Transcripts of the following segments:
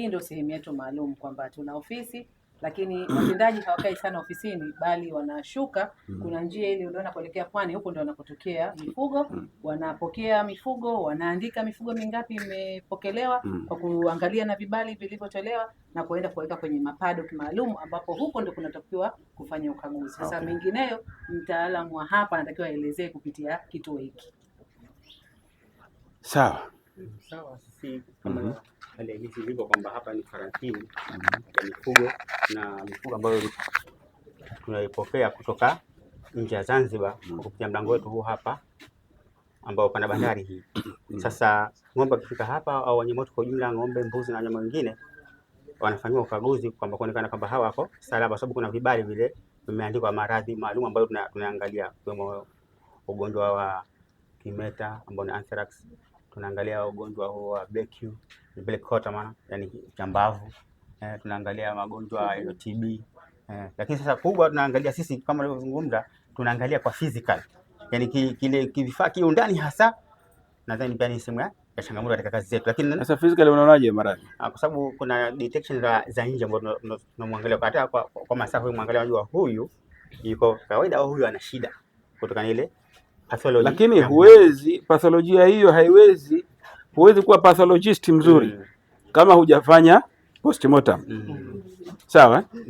Hii ndio sehemu yetu maalum kwamba tuna ofisi lakini watendaji hawakai sana ofisini, bali wanashuka. Kuna njia ile unaona kuelekea pwani, huko ndio wanapotokea mifugo. Wanapokea mifugo, wanaandika mifugo mingapi imepokelewa kwa kuangalia na vibali vilivyotolewa na kuenda kuweka kwenye mapado maalum, ambapo huko ndio kunatakiwa kufanya ukaguzi. Sasa okay. Mengineyo mtaalamu wa hapa anatakiwa aelezee kupitia kituo hiki. Sawa sawa, sisi kama mhm hali yaani halisi ilivyo kwamba hapa ni karantini ya mifugo na mifugo ambayo tunaipokea kutoka nje ya Zanzibar kupitia mlango wetu huu hapa ambao pana bandari hii. Sasa ng'ombe wakifika hapa au wanyama wote kwa jumla, ng'ombe, mbuzi na wanyama wengine, wanafanyiwa ukaguzi kwamba kuonekana kwamba hawa wako salama, sababu kuna vibali vile vimeandikwa maradhi maalum ambayo tunaangalia, tuna ugonjwa wa kimeta ambao ni anthrax tunaangalia ugonjwa huo wa BQ, black black maana yani chambavu eh, tunaangalia magonjwa ya TB eh, lakini sasa kubwa tunaangalia sisi kama nilivyozungumza, tunaangalia kwa physical, yani kile kivifaa kifaa ndani hasa. Nadhani pia ni sehemu ya ya changamoto katika kazi zetu, lakini sasa physical unaonaje maradhi? Ah, Kwa sababu kuna detection za, za nje ambazo tunamwangalia kwa hata kwa, kwa masafa, mwangalia unajua huyu yuko kawaida au huyu ana shida kutokana ile pathology. lakini huwezi patholojia hiyo haiwezi, huwezi kuwa pathologist mzuri mm. kama hujafanya postmortem mm. sawa mm.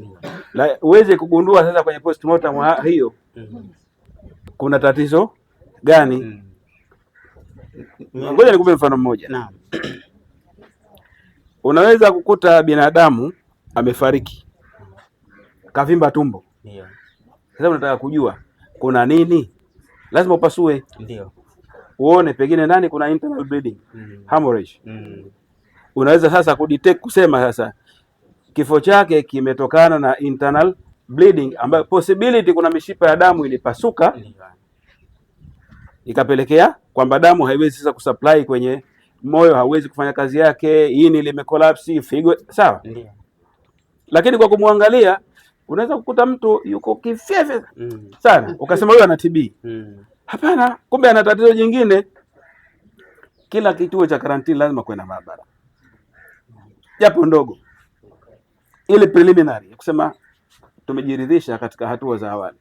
La, uweze kugundua sasa kwenye postmortem mm. hiyo mm. kuna tatizo gani? Mm. Ngoja mm. nikupe mfano mmoja naam. Unaweza kukuta binadamu amefariki kavimba tumbo, sasa yeah. Unataka kujua kuna nini lazima upasue, ndio uone pengine ndani kuna internal bleeding mm. hemorrhage mm. unaweza sasa kudetect kusema sasa kifo chake kimetokana na internal bleeding, ambayo possibility kuna mishipa ya damu ilipasuka ikapelekea kwamba damu haiwezi sasa kusupply kwenye moyo, hauwezi kufanya kazi yake, ini limecollapse, figo sawa, Lakini kwa kumwangalia unaweza kukuta mtu yuko kifyefye mm. sana ukasema huyo ana TB mm. Hapana, kumbe ana tatizo jingine. Kila kituo cha karantini lazima kuwe na maabara japo ndogo, ili preliminary kusema tumejiridhisha katika hatua za awali,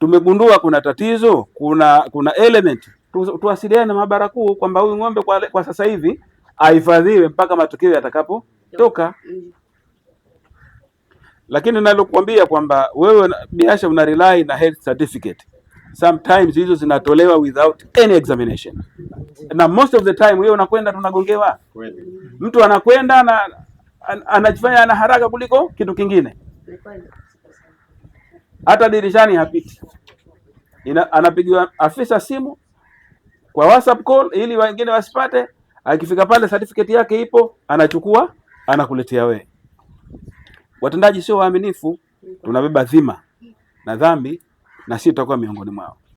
tumegundua kuna tatizo, kuna kuna element tu, tuwasiliane na maabara kuu kwamba huyu ng'ombe kwa, kwa sasa hivi ahifadhiwe mpaka matokeo yatakapotoka. Mm lakini nalokuambia kwamba wewe biasha una rely na health certificate sometimes hizo zinatolewa without any examination, na most of the time wewe unakwenda tunagongewa, mtu anakwenda na anajifanya ana haraka kuliko kitu kingine, hata dirishani hapiti. Ina, anapigiwa afisa simu kwa WhatsApp call ili wengine wasipate. Akifika pale certificate yake ipo, anachukua anakuletea wewe. Watendaji sio waaminifu, tunabeba dhima na dhambi na sisi tutakuwa miongoni mwao.